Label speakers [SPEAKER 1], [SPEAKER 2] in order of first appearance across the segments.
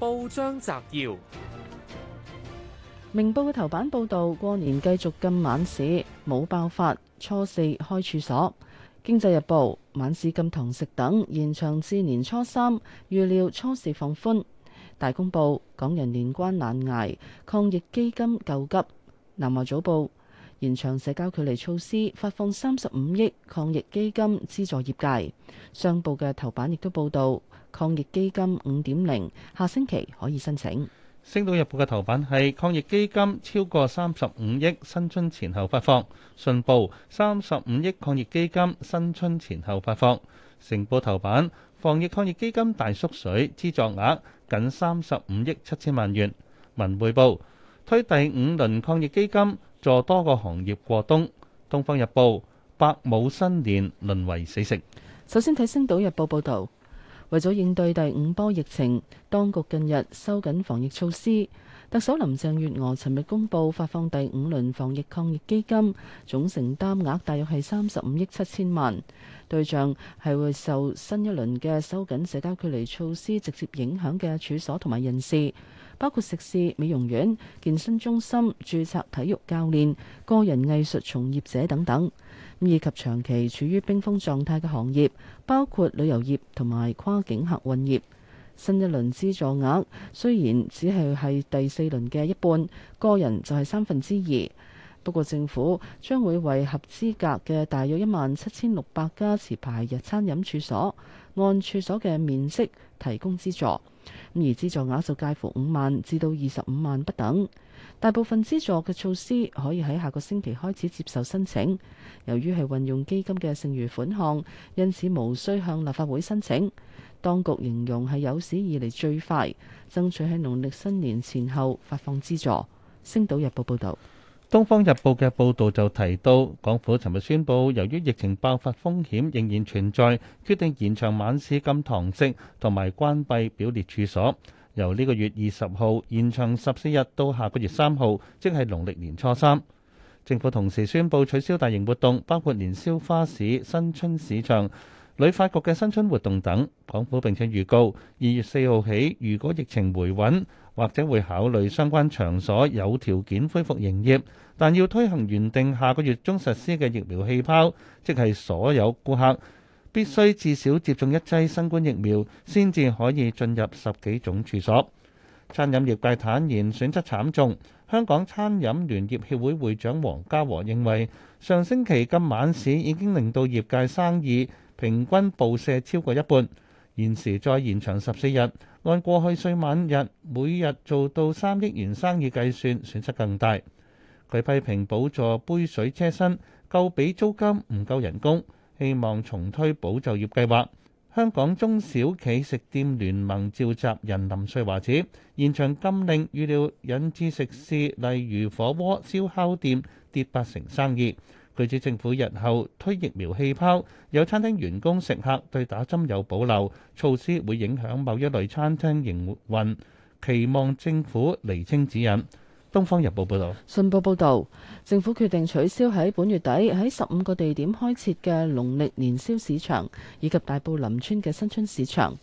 [SPEAKER 1] 報章摘要：
[SPEAKER 2] 明報嘅頭版報道，過年繼續禁晚市，冇爆發；初四開處所。經濟日報晚市禁堂食等延長至年初三，預料初四放寬。大公報港人年關難挨，抗疫基金救急。南華早報。延長社交距離措施，發放三十五億抗疫基金，資助業界。商報嘅頭版亦都報道抗疫基金五點零，下星期可以申請。
[SPEAKER 1] 星島日報嘅頭版係抗疫基金超過三十五億，新春前後發放。信報，三十五億抗疫基金新春前後發放。成報頭版防疫抗疫基金大縮水，資助額僅三十五億七千萬元。文匯報推第五輪抗疫基金。助多個行業過冬。《東方日報》百冇新年淪為死城。
[SPEAKER 2] 首先睇《星島日報》報導，為咗應對第五波疫情，當局近日收緊防疫措施。特首林鄭月娥尋日公布發放第五輪防疫抗疫基金，總承擔額大約係三十五億七千萬。對象係會受新一輪嘅收緊社交距離措施直接影響嘅處所同埋人士，包括食肆、美容院、健身中心、註冊體育教練、個人藝術從業者等等，以及長期處於冰封狀態嘅行業，包括旅遊業同埋跨境客運業。新一輪資助額雖然只係係第四輪嘅一半，個人就係三分之二。不過，政府將會為合資格嘅大約一萬七千六百家持牌日餐飲處所，按處所嘅面積提供資助，而資助額就介乎五萬至到二十五萬不等。大部分資助嘅措施可以喺下個星期開始接受申請。由於係運用基金嘅剩餘款項，因此無需向立法會申請。當局形容係有史以嚟最快，爭取喺農曆新年前後發放資助。星島日報報導。《東方日報》
[SPEAKER 1] 嘅報導就提到，港府尋日宣布，由於疫情爆發風險仍然存在，決定延長晚市禁堂食同埋關閉表列處所，由呢個月二十號延長十四日到下個月三號，即係農曆年初三。政府同時宣布取消大型活動，包括年宵花市、新春市場。旅發局嘅新春活動等，港府並且預告二月四號起，如果疫情回穩，或者會考慮相關場所有條件恢復營業，但要推行原定下個月中實施嘅疫苗氣泡，即係所有顧客必須至少接種一劑新冠疫苗先至可以進入十幾種處所。餐飲業界坦言損失慘重。香港餐飲聯業協業協會會長黃家和認為，上星期禁晚市已經令到業界生意平均暴瀉超過一半，現時再延長十四日。按過去歲晚日，每日做到三億元生意計算，損失更大。佢批評補助杯水車薪，夠俾租金唔夠人工，希望重推保就業計劃。香港中小企食店聯盟召集人林瑞華指，延長禁令預料引致食肆，例如火鍋、燒烤、烤店跌八成生意。據指，政府日後推疫苗氣泡，有餐廳員工食客對打針有保留，措施會影響某一類餐廳營運，期望政府釐清指引。《東方日報》報道，《
[SPEAKER 2] 信報》報導，政府決定取消喺本月底喺十五個地點開設嘅農曆年宵市場，以及大埔林村嘅新春市場。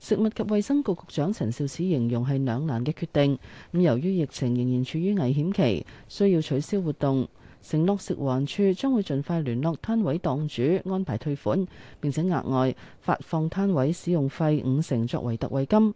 [SPEAKER 2] 食物及衛生局局長陳肇始形容係兩難嘅決定。咁由於疫情仍然處於危險期，需要取消活動。承諾食環署將會盡快聯絡攤位檔主安排退款，並且額外發放攤位使用費五成，作為特惠金。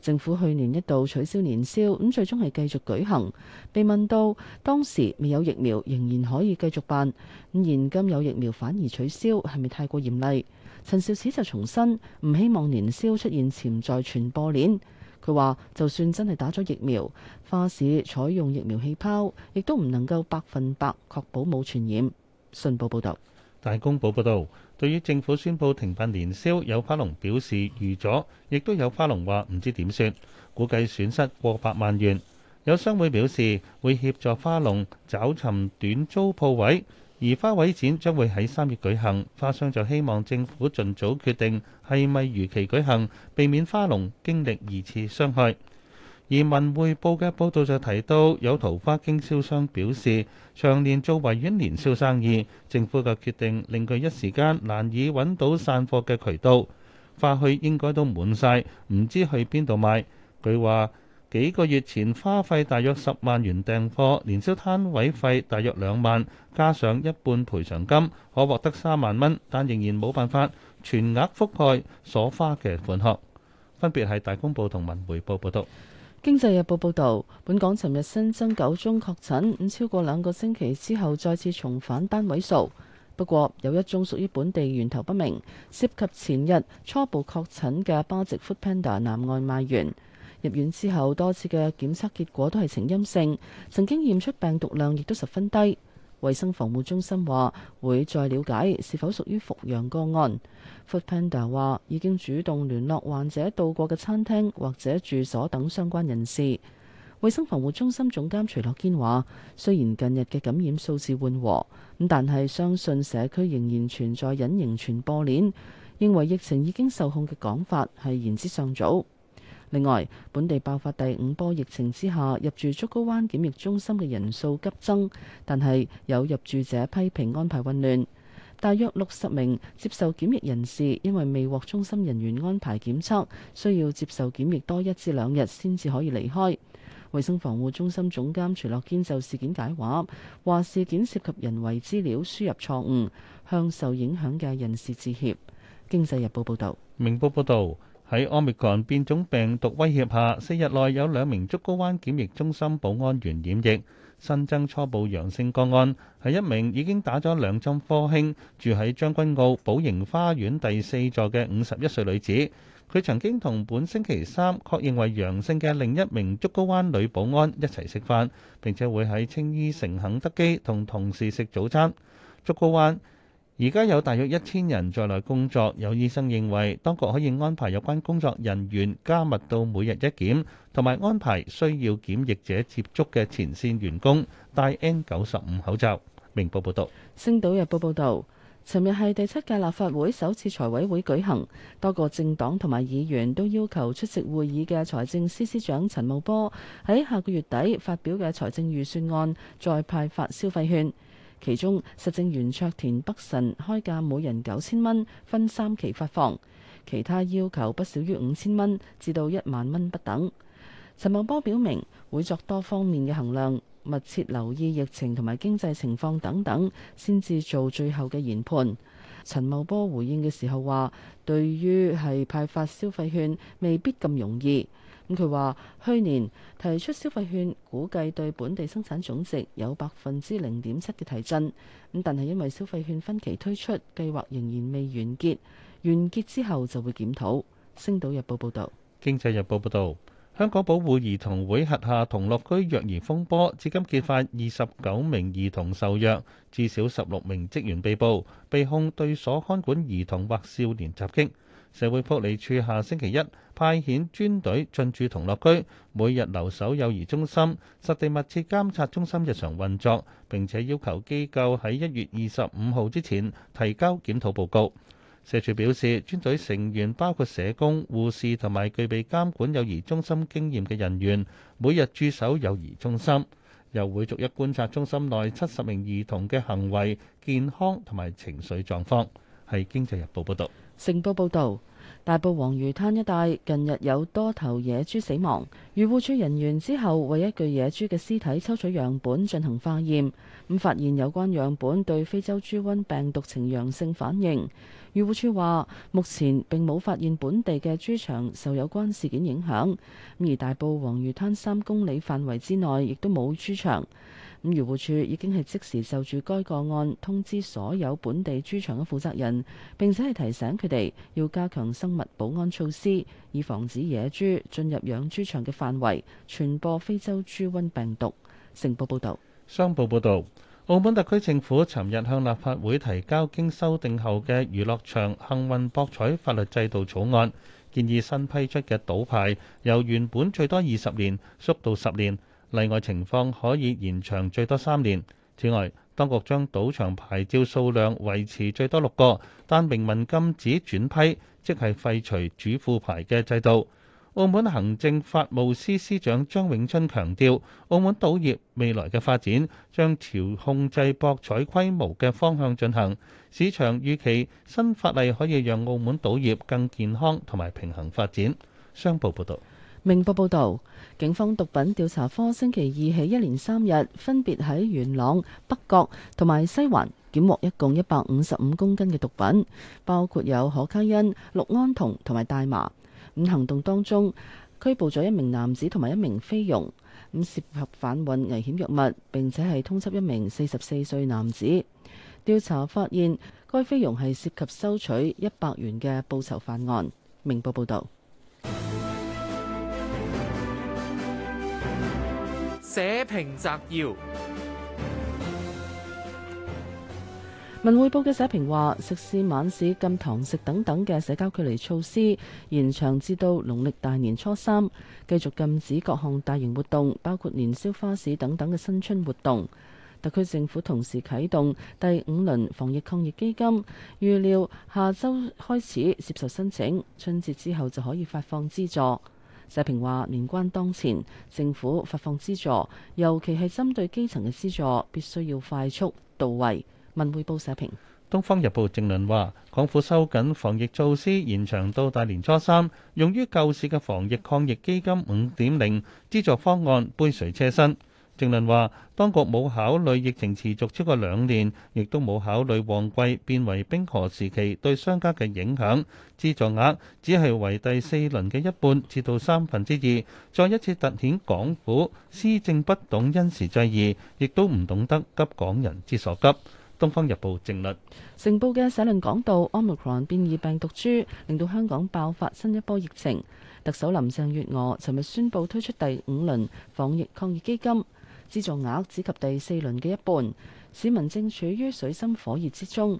[SPEAKER 2] 政府去年一度取消年宵，咁最終係繼續舉行。被問到當時未有疫苗仍然可以繼續辦，咁現今有疫苗反而取消，係咪太過嚴厲？陳肇始就重申，唔希望年宵出現潛在傳播鏈。佢話：就算真係打咗疫苗，花市採用疫苗氣泡，亦都唔能夠百分百確保冇傳染。信報報道，
[SPEAKER 1] 大公報報道，對於政府宣布停辦年宵，有花農表示預咗，亦都有花農話唔知點算，估計損失過百萬元。有商會表示會協助花農找尋短租鋪位。而花卉展將會喺三月舉行，花商就希望政府盡早決定係咪如期舉行，避免花農經歷二次傷害。而文匯報嘅報道就提到，有桃花經銷商表示，長年做維園年宵生意，政府嘅決定令佢一時間難以揾到散貨嘅渠道，花去應該都滿晒，唔知去邊度賣。佢話。幾個月前花費大約十萬元訂貨，年宵攤位費大約兩萬，加上一半賠償金，可獲得三萬蚊，但仍然冇辦法全額覆蓋所花嘅款項。分別係大公報同文匯報報導，
[SPEAKER 2] 《經濟日報》報導，本港尋日新增九宗確診，咁超過兩個星期之後再次重返單位數。不過有一宗屬於本地源頭不明，涉及前日初步確診嘅巴籍 Foodpanda 男外賣員。入院之後多次嘅檢測結果都係呈陰性，曾經驗出病毒量亦都十分低。衛生防護中心話會再了解是否屬於復陽個案。Foodpanda 話已經主動聯絡患者到過嘅餐廳或者住所等相關人士。衛生防護中心總監徐樂堅話：雖然近日嘅感染數字緩和，咁但係相信社區仍然存在隱形傳播鏈，認為疫情已經受控嘅講法係言之尚早。另外，本地爆發第五波疫情之下，入住竹篙灣檢疫中心嘅人數急增，但係有入住者批評安排混亂。大約六十名接受檢疫人士因為未獲中心人員安排檢測，需要接受檢疫多一至兩日先至可以離開。衛生防護中心總監徐樂堅就事件解話，話事件涉及人為資料輸入錯誤，向受影響嘅人士致歉。經濟日報報道。
[SPEAKER 1] 明報報道。喺奧密克戎變種病毒威脅下，四日內有兩名竹篙灣檢疫中心保安員染疫，新增初步陽性個案係一名已經打咗兩針科興，住喺將軍澳寶盈花園第四座嘅五十一歲女子。佢曾經同本星期三確認為陽性嘅另一名竹篙灣女保安一齊食飯，並且會喺青衣城肯德基同同事食早餐。竹篙灣而家有大約一千人在內工作，有醫生認為當局可以安排有關工作人員加密到每日一檢，同埋安排需要檢疫者接觸嘅前線員工戴 N 九十五口罩。明報報導，
[SPEAKER 2] 《星島日報》報道，尋日係第七屆立法會首次財委會舉行，多個政黨同埋議員都要求出席會議嘅財政司司長陳茂波喺下個月底發表嘅財政預算案再派發消費券。其中，實政圓桌田北辰開價每人九千蚊，分三期發放；其他要求不少於五千蚊至到一萬蚊不等。陳茂波表明會作多方面嘅衡量，密切留意疫情同埋經濟情況等等，先至做最後嘅研判。陳茂波回應嘅時候話，對於係派發消費券未必咁容易。咁佢話去年提出消費券，估計對本地生產總值有百分之零點七嘅提振。咁但係因為消費券分期推出計劃仍然未完結，完結之後就會檢討。《星島日報》報道。
[SPEAKER 1] 《經濟日報》報道。香港保護兒童會轄下同樂居虐兒風波，至今揭發二十九名兒童受虐，至少十六名職員被捕，被控對所看管兒童或少年襲擊。社會福利署下星期一派遣專隊進駐同樂居，每日留守幼兒中心，實地密切監察中心日常運作，並且要求機構喺一月二十五號之前提交檢討報告。社署表示，專隊成員包括社工、護士同埋具備監管幼兒中心經驗嘅人員，每日駐守幼兒中心，又會逐一觀察中心內七十名兒童嘅行為、健康同埋情緒狀況。係《經濟日報》報道，
[SPEAKER 2] 成報報道。大埔黃魚灘一帶近日有多頭野豬死亡。漁護處人員之後為一具野豬嘅屍體抽取樣本進行化驗，咁發現有關樣本對非洲豬瘟病毒呈陽性反應。漁護處話，目前並冇發現本地嘅豬場受有關事件影響，而大埔黃魚灘三公里範圍之內亦都冇豬場。咁，漁護署已經係即時就住該個案通知所有本地豬場嘅負責人，並且係提醒佢哋要加強生物保安措施，以防止野豬進入養豬場嘅範圍，傳播非洲豬瘟病毒。成報報導，商報報道：「澳
[SPEAKER 1] 門特區政府尋日向立法會提交經修訂後嘅娛樂場幸運博彩法律制度草案，建議新批出嘅賭牌由原本最多二十年縮到十年。例外情況可以延長最多三年。此外，當局將賭場牌照數量維持最多六個，但明文禁止轉批，即係廢除主副牌嘅制度。澳門行政法務司司長張永春強調，澳門賭業未來嘅發展將朝控制博彩規模嘅方向進行。市場預期新法例可以讓澳門賭業更健康同埋平衡發展。商報報道。
[SPEAKER 2] 明報報道，警方毒品調查科星期二起一連三日，分別喺元朗、北角同埋西環，檢獲一共一百五十五公斤嘅毒品，包括有可卡因、氯胺酮、同埋大麻。咁行動當中，拘捕咗一名男子同埋一名菲傭，咁涉及販運危險藥物，並且係通緝一名四十四歲男子。調查發現，該菲傭係涉及收取一百元嘅報酬犯案。明報報道。
[SPEAKER 1] 社評摘要：
[SPEAKER 2] 文匯報嘅社評話，食肆晚市禁堂食等等嘅社交距離措施延長至到農曆大年初三，繼續禁止各項大型活動，包括年宵花市等等嘅新春活動。特區政府同時啟動第五輪防疫抗疫基金，預料下周開始接受申請，春節之後就可以發放資助。社評話：年關當前，政府發放資助，尤其係針對基層嘅資助，必須要快速到位。文匯報社評。《東方日報》正論話，港府收緊防疫措
[SPEAKER 1] 施，延長到大年初三，用於救市嘅防疫抗疫基金五點零資助方案杯水車薪。正論話，當局冇考慮疫情持續超過兩年，亦都冇考慮旺季變為冰河時期對商家嘅影響。資助額只係為第四輪嘅一半至到三分之二，再一次突顯港府施政不懂因時制宜，亦都唔懂得急港人之所急。《東方日報》正論。
[SPEAKER 2] 成報嘅社論講到，奧密克戎變異病毒株令到香港爆發新一波疫情，特首林鄭月娥尋日宣布推出第五輪防疫抗疫基金。資助額只及第四輪嘅一半，市民正處於水深火熱之中。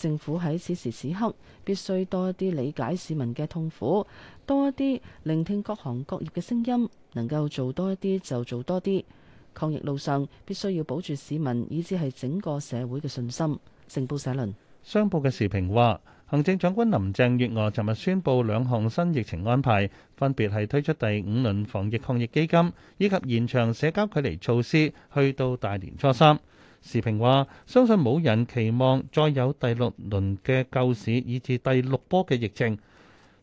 [SPEAKER 2] 政府喺此時此刻必須多一啲理解市民嘅痛苦，多一啲聆聽各行各業嘅聲音，能夠做多一啲就做多啲。抗疫路上必須要保住市民，以至係整個社會嘅信心。成報社論。商報嘅時評話，行政長官林鄭
[SPEAKER 1] 月娥尋日宣布兩項新疫情安排，分別係推出第五輪防疫抗疫基金，以及延長社交距離措施去到大年初三。時評話，相信冇人期望再有第六輪嘅救市，以至第六波嘅疫情。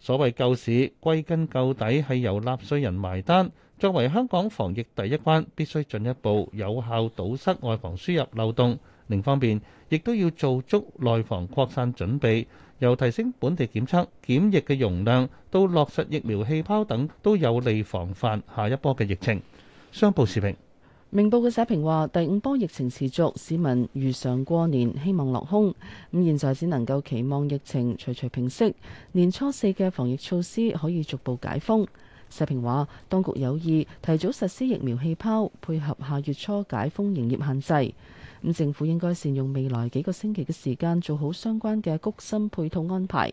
[SPEAKER 1] 所謂救市，歸根究底係由納稅人埋單。作為香港防疫第一關，必須進一步有效堵塞外防輸入漏洞。另一方面，亦都要做足內防擴散準備，由提升本地檢測檢疫嘅容量，到落實疫苗氣泡等，都有利防範下一波嘅疫情。商報時評。
[SPEAKER 2] 明報嘅社評話：第五波疫情持續，市民如常過年希望落空咁，現在只能夠期望疫情徐徐平息，年初四嘅防疫措施可以逐步解封。社評話，當局有意提早實施疫苗氣泡，配合下月初解封營業限制。咁政府應該善用未來幾個星期嘅時間，做好相關嘅谷心配套安排，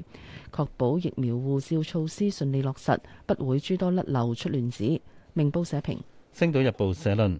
[SPEAKER 2] 確保疫苗護照措施順利落實，不會諸多甩漏出亂子。明報社評，
[SPEAKER 1] 星島日報社論。